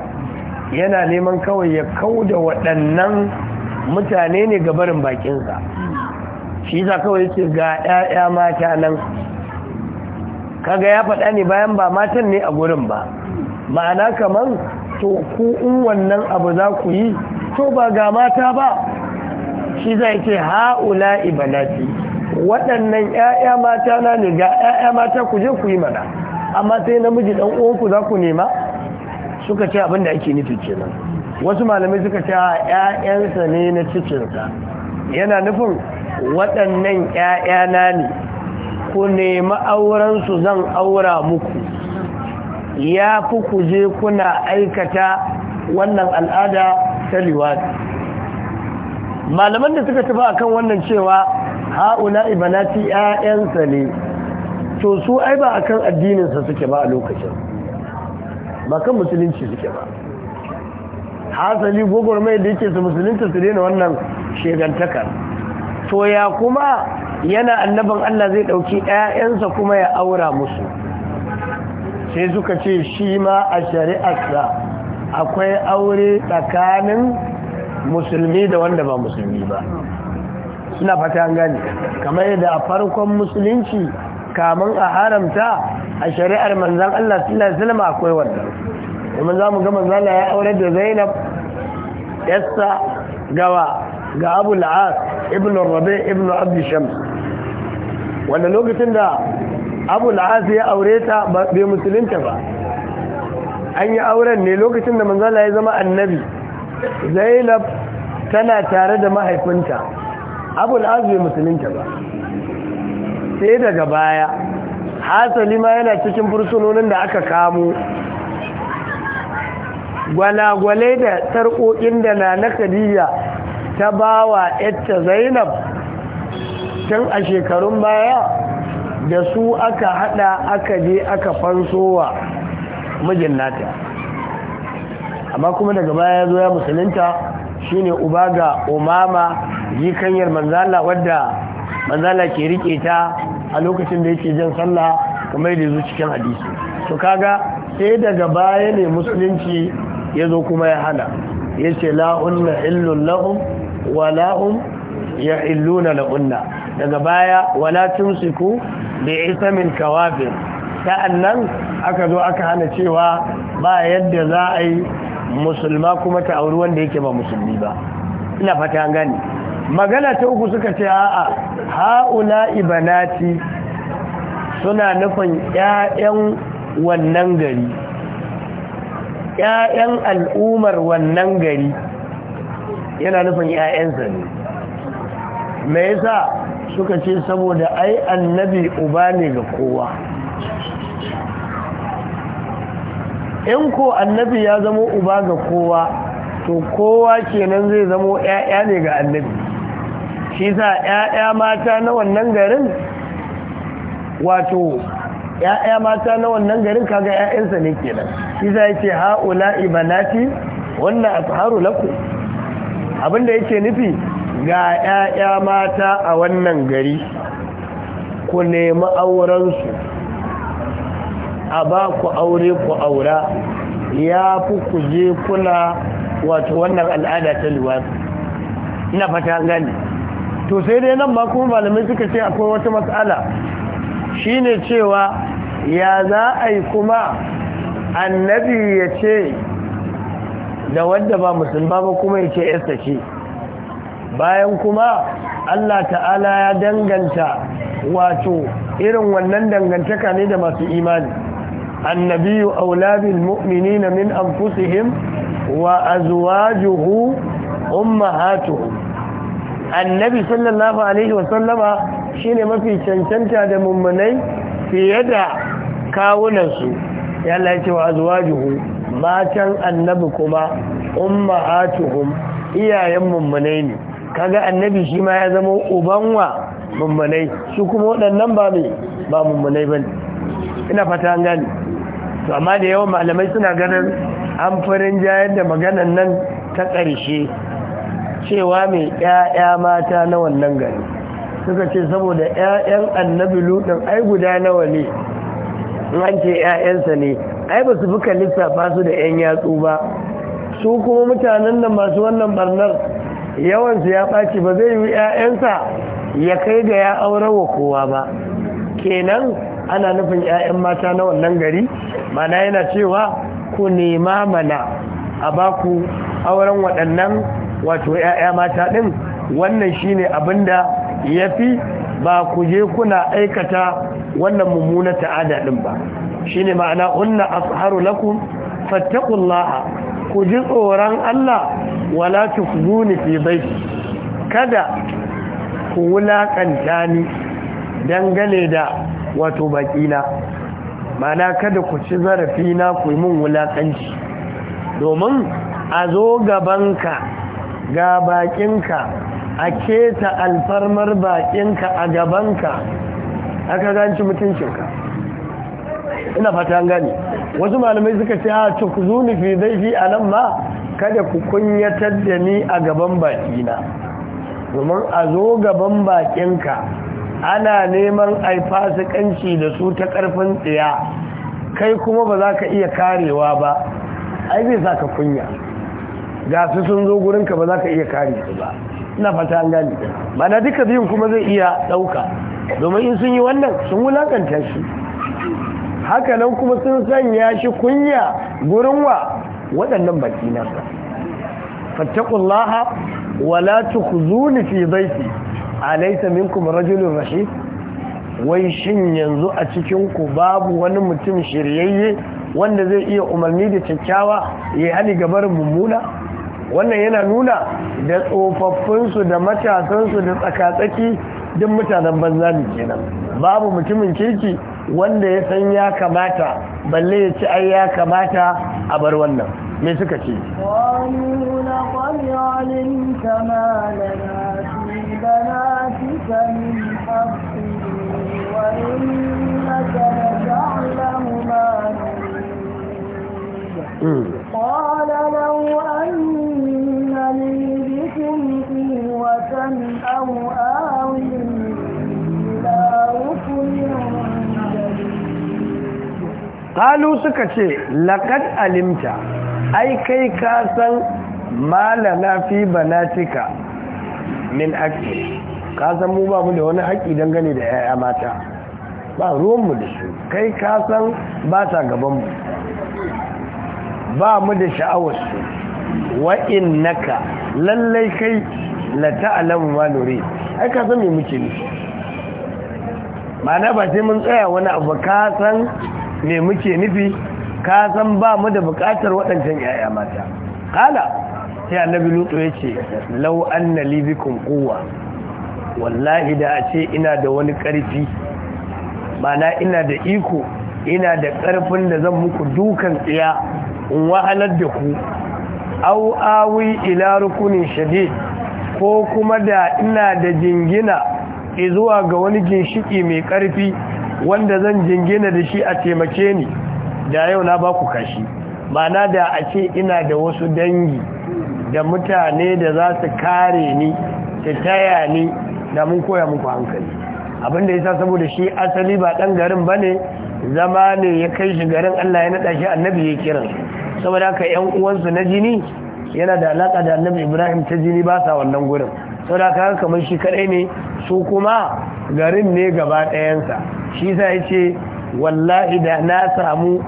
yana neman kawai ya kauda waɗannan mutane ne ga bakinsa shi za kawai yake ga 'ya'ya mata nan kaga ya faɗa ne bayan ba matan ne a gurin ba ma'ana kamar to ku in wannan abu za ku yi to ba ga mata ba shi za yake ha'ula ibanati waɗannan 'ya'ya mata na ne ga 'ya'ya mata ku je ku yi mana amma sai namiji ɗan uwanku za ku nema suka ce abin ake nufi kenan wasu malamai suka ce ƴaƴansa ne na cikinsa yana nufin waɗannan ƴaƴana ne ku nemi aurensu zan aura muku ya fi ku je kuna aikata wannan al'ada ta liwati malaman da suka tafi akan wannan cewa ha'ula ibanati ƴaƴansa ne to su ai ba a kan addininsa suke ba a lokacin ba kan musulunci suke ba hasali mai da yake su musulunci su daina wannan shegantakar to ya kuma yana annabin Allah zai ɗauki ‘ya'yansa kuma ya aura musu sai suka ce shi ma a shari'arsa akwai aure tsakanin musulmi da wanda ba musulmi ba suna fata gani kamar yadda a farkon musulunci kamun a haramta a shari'ar manzan Allah sallallahu alaihi wasallam akwai wannan kuma za mu ga manzan Allah ya aure da Zainab yassa gawa ga Abu al ibn Rabi' ibn Abdi Shams wanda lokacin da Abu al ya aure ta bai musulunta ba an yi auren ne lokacin da manzan Allah ya zama annabi Zainab tana tare da mahaifinta Abu al-As bai musulunta ba sai daga baya hasali ma yana cikin fursunonin da aka kamo gwalagwalai da sarƙoƙin da na na Khadija ta ba wa yadda zainab tun a shekarun baya da su aka hada aka je aka fansowa mijin nata amma kuma daga baya ya zo ya musulunta shine uba ga umama jikanyar manzala wadda manzala ke rike ta a lokacin da yake jan sallah kamar da zo cikin hadisi to kaga sai daga baya ne musulunci yazo kuma ya hana yace la la'unna illun lahum wa la'um ya illuna la'unna daga baya wala tumsiku bi kawafin. kawafir sa'annan aka zo aka hana cewa ba yadda za a yi musulma kuma ta auri wanda yake ba musulmi ba ina fata gani magana ta uku suka ce a'a haula ibanati suna nufin ƴaƴan wannan gari ƴaƴan al'umar wannan gari yana nufin ƴaƴansa ne me yasa suka ce saboda ai annabi uba ne ga kowa in ko annabi ya zamo uba ga kowa to kowa kenan zai zamo ƴaƴa ne ga annabi shi za ‘ya'ya mata na wannan garin wato ‘ya'ya mata na wannan garin kaga ‘ya'yansa ne nan shi za ya ce ha'ula ibanati wannan a tsaharu laku abinda yake nufi ga ‘ya'ya mata a wannan gari ku nemi aurensu a ba ku aure ku aura ya fi ku je kuna wato wannan al'ada ta liwatsu ina fata gani to sai dai nan ma kuma malamai suka ce akwai wata matsala shine cewa ya za a yi kuma annabi ya ce da wadda ba musulma ba kuma ya ce yasta ce bayan kuma Allah ta'ala ya danganta wato irin wannan dangantaka ne da masu imani annabiyu mu'mini na min anfusihim wa azwajuhu ummahatuhum annabi sallallahu alaihi wasallama shine mafi cancanta da mummunai fiye da kawunansu ya Allah ya ce wa azwajuhu matan annabi kuma ummahatuhum iyayen mummunai ne kaga annabi shi ma ya zama ubanwa mummunai shi kuma waɗannan ba mai ba mummunai bane ina fata an gani to amma da yawan malamai suna ganin an farin jayar da maganan nan ta ƙarshe cewa mai ƴaƴa mata na wannan gari suka ce saboda ƴaƴan annabi lutan ai guda nawa ne in an ce ƴaƴansa ne ai ba su fuka lissafa su da ƴan yatsu ba su kuma mutanen da masu wannan barnar yawansu ya ɓaci ba zai yi ƴaƴansa ya kai ga ya aure wa kowa ba kenan ana nufin ƴaƴan mata na wannan gari mana yana cewa ku nema mana a baku auren waɗannan wato ‘ya'ya mata ɗin wannan shine abinda ya fi ba ku je kuna aikata wannan mummuna ta'ada ɗin ba shine ma'ana unna asharu lakum fattakullaha ku ji tsoron Allah wala tukzuni fi baiti kada ku wulaƙanta ni dangane da wato baƙina ma'ana kada ku ci zarafina ku yi mun wulakanci domin a zo gaban ka. ga bakinka a keta alfarmar bakinka a gabanka aka ganci mutuncinka ina fata gani wasu malamai suka ce a ah, tukzuni fi zaifi a nan ma kada ku kunyatar da ni a gaban bakina domin a zo gaban bakinka ana neman ai fasikanci da su ta karfin tsiya kai kuma ba za ka iya karewa ba ai zai sa ka kunya ga su sun zo gurinka ba za ka iya kare su ba ina fata an gani na duka biyun kuma zai iya ɗauka domin in sun yi wannan sun wulakanta shi haka nan kuma sun sanya shi kunya gurin wa waɗannan baki nasa fattakullaha wala tukhzuni fi A alaysa minkum rajulun rashid wai shin yanzu a cikin ku babu wani mutum shiryayye wanda zai iya umarni da kyakkyawa ya hali gabar mummuna wannan yana nuna da tsofaffinsu da matasansu da tsakatsaki don mutanen banza ne kenan babu mutumin kirki wanda ya san ya kamata balle ya ci ai ya kamata a bar wannan me suka ce Mm. قال لو أن لي بكم قوة أو آوي إلى ركن قالوا سكتي لقد علمت أي كي كاسل ما لنا في بناتك من أكل kasan mu ba mu da wani haƙƙi gani da 'ya'ya mata ba ruwanmu da su kai kasan ba ta gabanmu ba mu da sha'awarsu wa innaka lallai kai la ta'lamu ma nuri ai ka san me muke nufi ma'ana ba sai mun tsaya wani abu ka san me muke nufi ka san ba mu da bukatar waɗancan yaya mata kala sai annabi lutu ya ce lau anna li bikum quwwa wallahi da a ce ina da wani ƙarfi ma'ana ina da iko ina da ƙarfin da zan muku dukan tsiya in wahalar da ku au awi ila rukunin shade ko kuma da ina da jingina zuwa ga wani ginshiki mai karfi wanda zan jingina da shi a taimake ni da yau na baku kashi mana da a ce ina da wasu dangi da mutane da za su kare ni su taya ni da mun koya muku hankali abinda ya sa saboda shi asali ba ɗan garin bane zama ne ya kai shi garin allah ya naɗa shi annabi ya kiransu saboda haka yan uwansu na jini yana da alaka da annabi ibrahim ta jini ba sa wannan gurin saboda haka kamar shi kadai ne su kuma garin ne gaba ɗayansa shi sa ya ce wallahi da na samu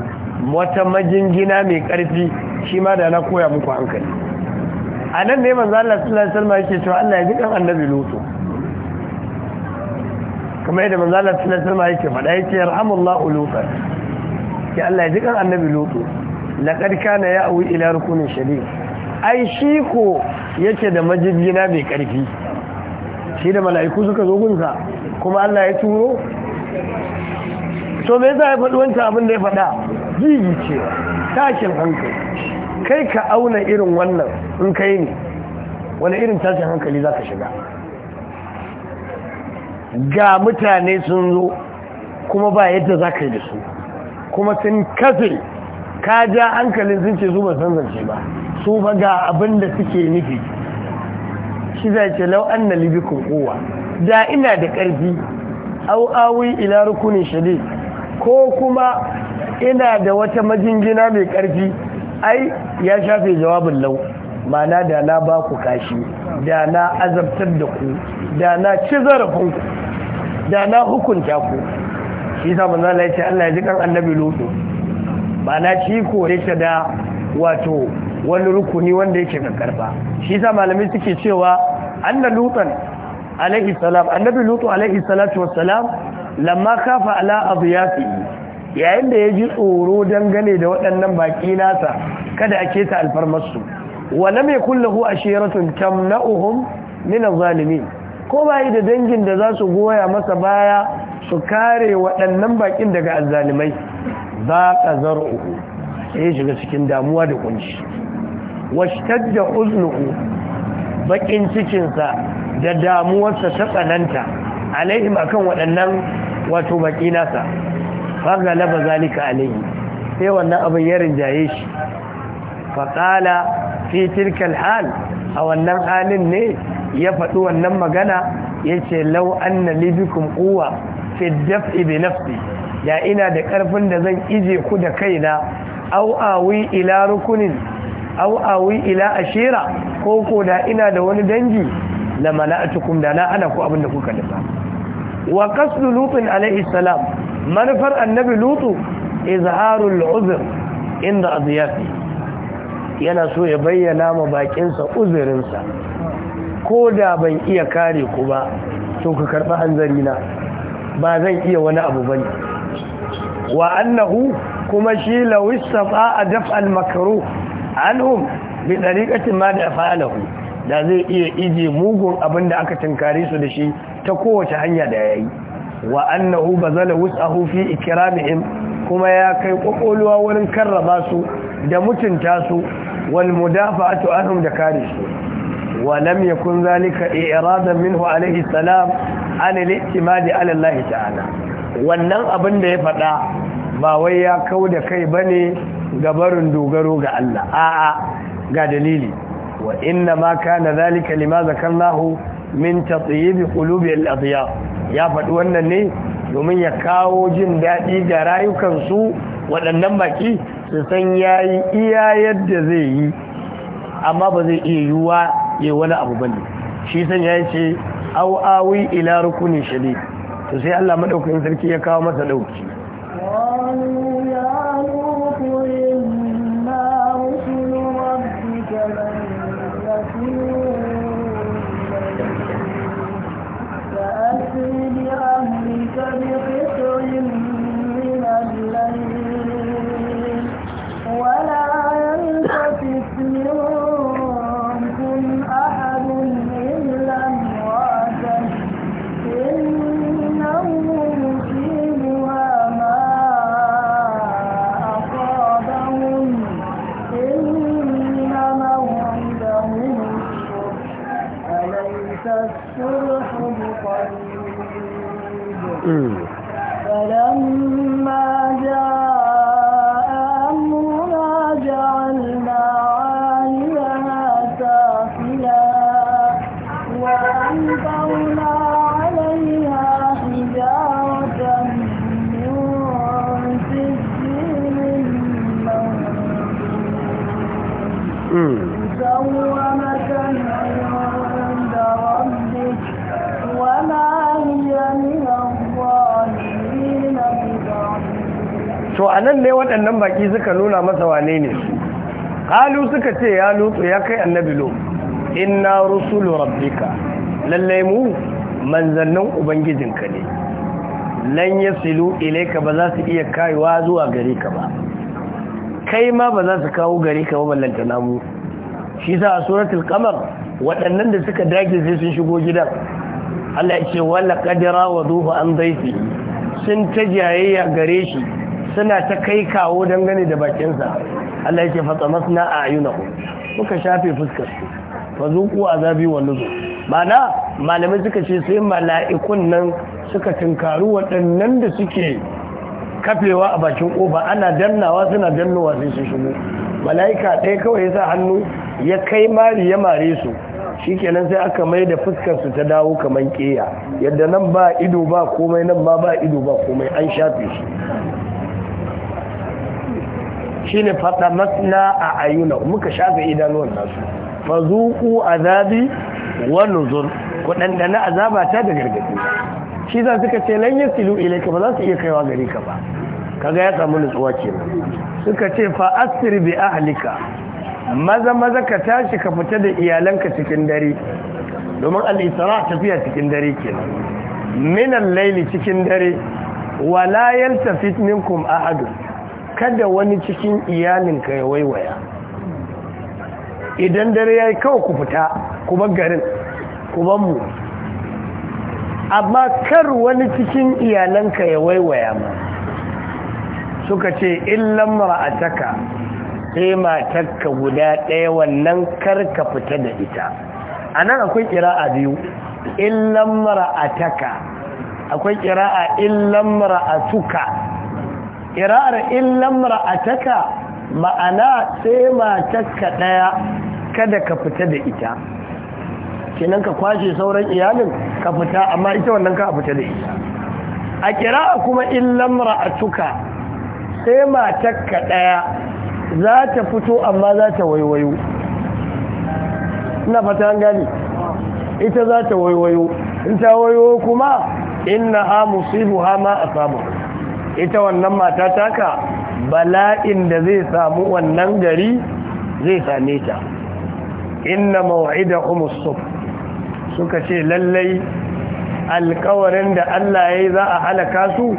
wata majingina mai ƙarfi shi ma da na koya muku hankali a nan ne manzo Allah sallallahu alaihi wasallam yake cewa Allah ya ji dan annabi lutu kamar yadda manzo Allah sallallahu alaihi wasallam yake faɗa yake yarhamullahu lutu ya Allah ya ji kan annabi lutu laƙar kana ya awi ila rukunin shari ai shi ko yake da majibina mai ƙarfi shi da mala'iku suka zo gunsa kuma allah ya turo to me za a faɗi wancan abin da ya faɗa jiji cewa tashin hankali kai ka auna irin wannan in kai ne wani irin tashin hankali za ka shiga ga mutane sun zo kuma ba yadda za ka yi da su kuma sun kafe ka ja hankalin sun ce su ba san zance ba su ba ga abin da suke nufi shi zai ce lau an na libi kowa da ina da ƙarfi au awi ila rukunin shade ko kuma ina da wata majingina mai ƙarfi ai ya shafe jawabin lau mana da na ba ku kashi da na azabtar da ku da na ci zarafin ku da na hukunta ku shi sa manzo Allah ya ce Allah ya ji kan annabi lutu ma'ana shi kore ta da wato wani rukuni wanda yake karkarfa shi sa malamai suke cewa anna lutan alaihi salam annabi lutu alaihi salatu wassalam lamma kafa ala adiyasi yayin da ya ji tsoro dangane da waɗannan baƙi nasa kada a keta alfarmarsu wala mai kullahu ashiratun tamna'uhum min az-zalimin ko bai da dangin da za su goya masa baya su kare waɗannan baƙin daga azzalimai zaqa zar'uhu sai ya shiga cikin damuwa da kunci washtadda uznuhu bakin cikinsa cikinsa da damuwarsa ta tsananta alaihim akan waɗannan wato baki nasa fagalaba zalika alaihi sai wannan abin ya jaye shi faƙala fi hal a wannan halin ne ya faɗi wannan magana yace law na libikun quwwa fi daf'i bi nafi da ina da ƙarfin da zan ije ku da kaina au awi ila rukunin au awi ila ashira ko ko da ina da wani dangi la mala'atukum da na ana ku abin da kuka nufa wa qasdu lutin alaihi salam manufar annabi lutu izharul uzr inda adiyafi yana so ya bayyana ma uzurin uzurinsa ko da ban iya kare ku ba to ku karɓi na. ba zan iya wani abu bane wa annahu kuma shi law istafa daf al makruh anhum bi tariqatin da da zai iya iji mugun abin da aka tinkare su da shi ta kowace hanya da yayi wa annahu bazala wus'ahu fi ikramihim kuma ya kai kokoluwa wurin karraba su da mutunta su wal mudafa'atu anhum da kare su ولم يكن ذلك إعراضا منه عليه السلام عن الاعتماد على الله ta'ala. wannan abin da ya faɗa ba wai ya kau da kai ba bane gabarin dogaro ga Allah a'a ga dalili wa inna ma na zalika lima zakarnahu min tatyib qulubi al-adhiya ya faɗi wannan ne domin ya kawo jin daɗi ga rayukan su waɗannan baƙi su san yayi iya yadda zai yi amma ba zai iya yiwuwa ya wani abu bane shi san yayi ce au awi ila rukunin shadid to sai Allah madaukakin sarki ya kawo masa dauki to a nan ne waɗannan baƙi suka nuna masa wane ne halu suka ce ya lutsu ya kai annabi lo inna rusulu rabbika lallai mu manzannin ubangijinka ne lan yasilu ilaika ba za su iya kaiwa zuwa gare ka ba kai ma ba za su kawo gare ka ba ballanta namu shi sa a suratul kamar waɗannan da suka dage sai sun shigo gidan Allah ya ce wala kadira wa duhu an zaifi sun tajayayya gare shi suna ta kai kawo dangane da bakinsa Allah yake fatsa masna a ku muka shafe fuskar su fa zuku azabi wa nuzu mana malamai suka ce sai mala'ikun nan suka tunkaru waɗannan da suke kafewa a bakin kofa ana dannawa suna dannowa sai su shigo mala'ika ɗaya kawai ya sa hannu ya kai mari ya mare su shi shikenan sai aka mai da fuskar su ta dawo kamar keya yadda nan ba ido ba komai nan ma ba ido ba komai an shafe shi shine fada masna a ayuna muka shafe idanuwan nasu fazuku azabi wa nuzur ku dandana azaba ta da gargadi shi za suka ce lan yasilu ilayka ba za su iya kaiwa gari ka ba kaga ya samu nutsuwa kenan suka ce fa asir bi ahlika maza maza ka tashi ka fita da iyalanka cikin dare domin al-isra tafiya cikin dare kenan min al-layli cikin dare wala yaltafit minkum ahadun kada wani cikin iyalinka ya waiwaya idan dare ya yi kawai ku fita ku bar garin ku bar mu amma kar wani cikin iyalanka ya waiwaya ma suka ce illan ma'ataka sai matakka guda ɗaya wannan kar ka fita da ita a nan akwai ƙira'a biyu illan mara'ataka akwai ƙira'a illan mara'atuka ƙira'ar a taka ma'ana sai matakka ɗaya kada ka fita da ita kenan ka kwashe sauran iyalin ka fita amma ita wannan ka fita da ita a ƙira'a kuma a tuka sai matakka ɗaya za ta fito amma za ta waiwayo ina fata gani ita za ta waiwayo in ta waiwayo kuma inna ha musibu ha ma a samun ita wannan mata taka bala'in da zai samu wannan gari zai same ta inna mawa'ida umusuf suka ce lallai alkawarin da Allah ya yi za a halaka su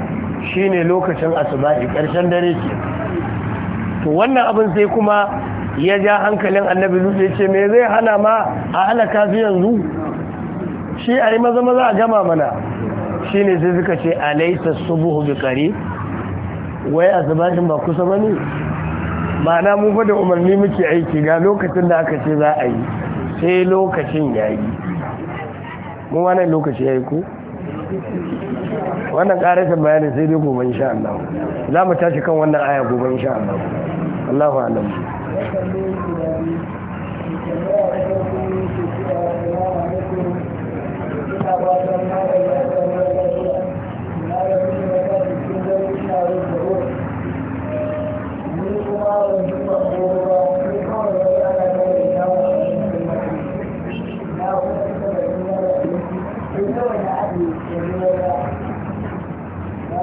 shine lokacin asuba'i ƙarshen dare ke to wannan abin sai kuma ya ja hankalin annabi lutsu ya ce me zai hana ma a halaka su yanzu shi a yi maza maza a gama mana shine sai suka ce alaisa subuhu bi wai zabashin ba kusa ba ne Ba na mufa da umarni muke aiki ga lokacin da aka ce za a yi sai lokacin ya yi mu wannan lokaci ya yi ku wannan ƙarashin bayani sai dai gobe insha Allah za mu tashi kan wannan aya gobe insha Allah Allahu alam Thank you.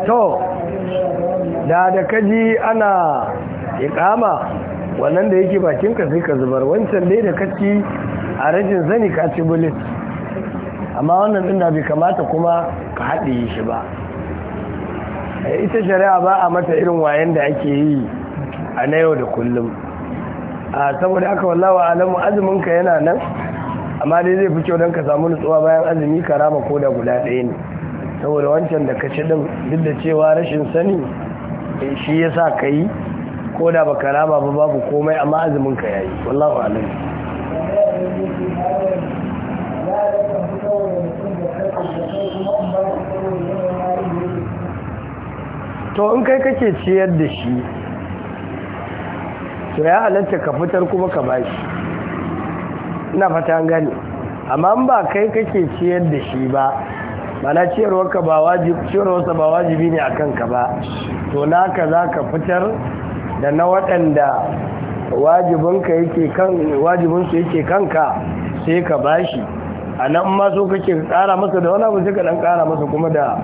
to da da kaji ana ikama wannan da yake bakinka sai ka zubar wancan dai da kaci a rajin zani ka ci bullet amma wannan din da bai kamata kuma ka haɗe shi ba eh, ita shari'a ba a mata irin wayan da ake yi a na yau da kullum a ah, saboda aka wallawa alamu azumin ka yana nan amma dai zai fi kyau don ka samu nutsuwa bayan azumi ka rama koda guda ɗaya ne saboda wancan da ka ci din duk da cewa rashin sani eh, shi ya sa ka yi ko da ba ka raba ba babu komai amma azumin ka yayi wallahu alam to in kai kake ciyar da shi to ya halatta ka fitar kuma ka bashi ina fata gani amma ba kai kake ciyar da shi ba mana ciyarwarka ba wajibi ciyarwarsa ba wajibi ne a kanka ba to naka za ka fitar da na waɗanda wajibinka yake wajibinsu yake kanka sai ka bashi a nan ma so kake ƙara masa da wani abu sai ka ɗan ƙara masa kuma da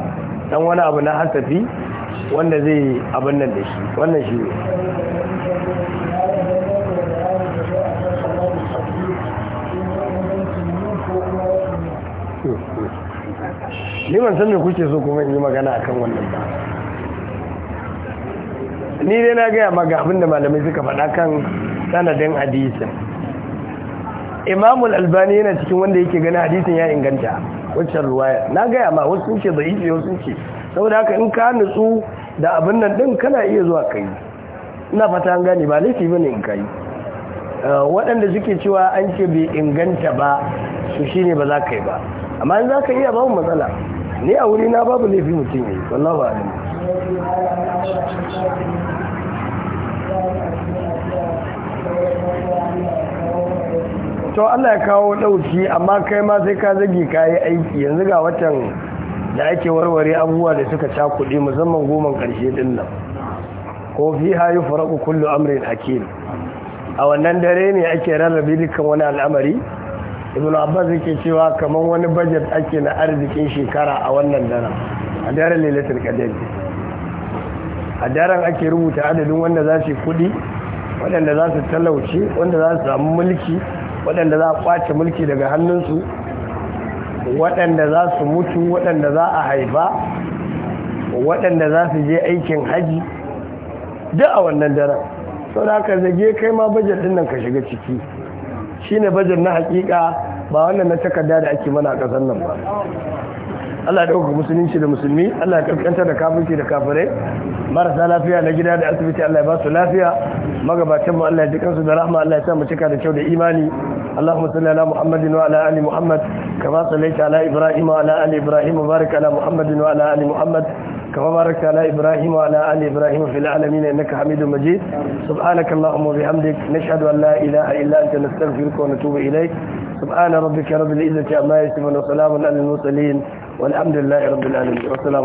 ɗan wani abu na hasafi wanda zai abin nan da shi wannan shi ne ni ban san me kuke so kuma in yi magana akan wannan ba ni dai na gaya maga abin da malamai suka faɗa kan sanadin hadisin imamul albani yana cikin wanda yake gani hadisin ya inganta wancan ruwaya na gaya ma wasu ce da yi wasu ce saboda haka in ka nutsu da abin nan din kana iya zuwa kai ina fata an gane ba laifi bane in kai eh, waɗanda suke cewa an ce bai inganta ba su shine ba za ka yi ba amma in za ka iya babu matsala ni a wuri na babu laifi mutum yi wallahi ba ne to Allah ya kawo dauki amma kai ma sai ka zage ka yi aiki yanzu ga watan da ake warware abubuwa da suka cakuɗe musamman goman ƙarshe din nan ko fi hayu faraku kullu amrin hakim a wannan dare ne ake rarrabe dukkan wani al'amari ibn abbas yake cewa kamar wani bajet ake na arzikin shekara a wannan daren a daren lailatul qadr a daren ake rubuta adadin wanda za su kudi waɗanda za su talauce wanda za su samu mulki waɗanda za a kwace mulki daga hannunsu waɗanda za su mutu waɗanda za a haifa waɗanda za su je aikin haji duk a wannan daren sau da haka zage kai ma bajet ɗin nan ka shiga ciki shine bajar na hakika ba wannan na takarda da ake mana a ƙasar nan ba Allah ya ɗaukaka musulunci da musulmi Allah ya karkantar da kafirci da kafirai marasa lafiya na gida da asibiti Allah ya ba su lafiya magabatan mu Allah ya jikan da rahma Allah ya sa mu cika da kyau da imani Allahumma salli ala Muhammadin wa ala ali Muhammad kama sallaita ala Ibrahim wa ala ali Ibrahim barik ala Muhammadin wa ala ali Muhammad كما باركت على إبراهيم وعلى آل إبراهيم في العالمين إنك حميد مجيد سبحانك اللهم وبحمدك نشهد أن لا إله إلا أنت نستغفرك ونتوب إليك سبحان ربك رب العزة عما يصفون وسلام على المرسلين والحمد لله رب العالمين والسلام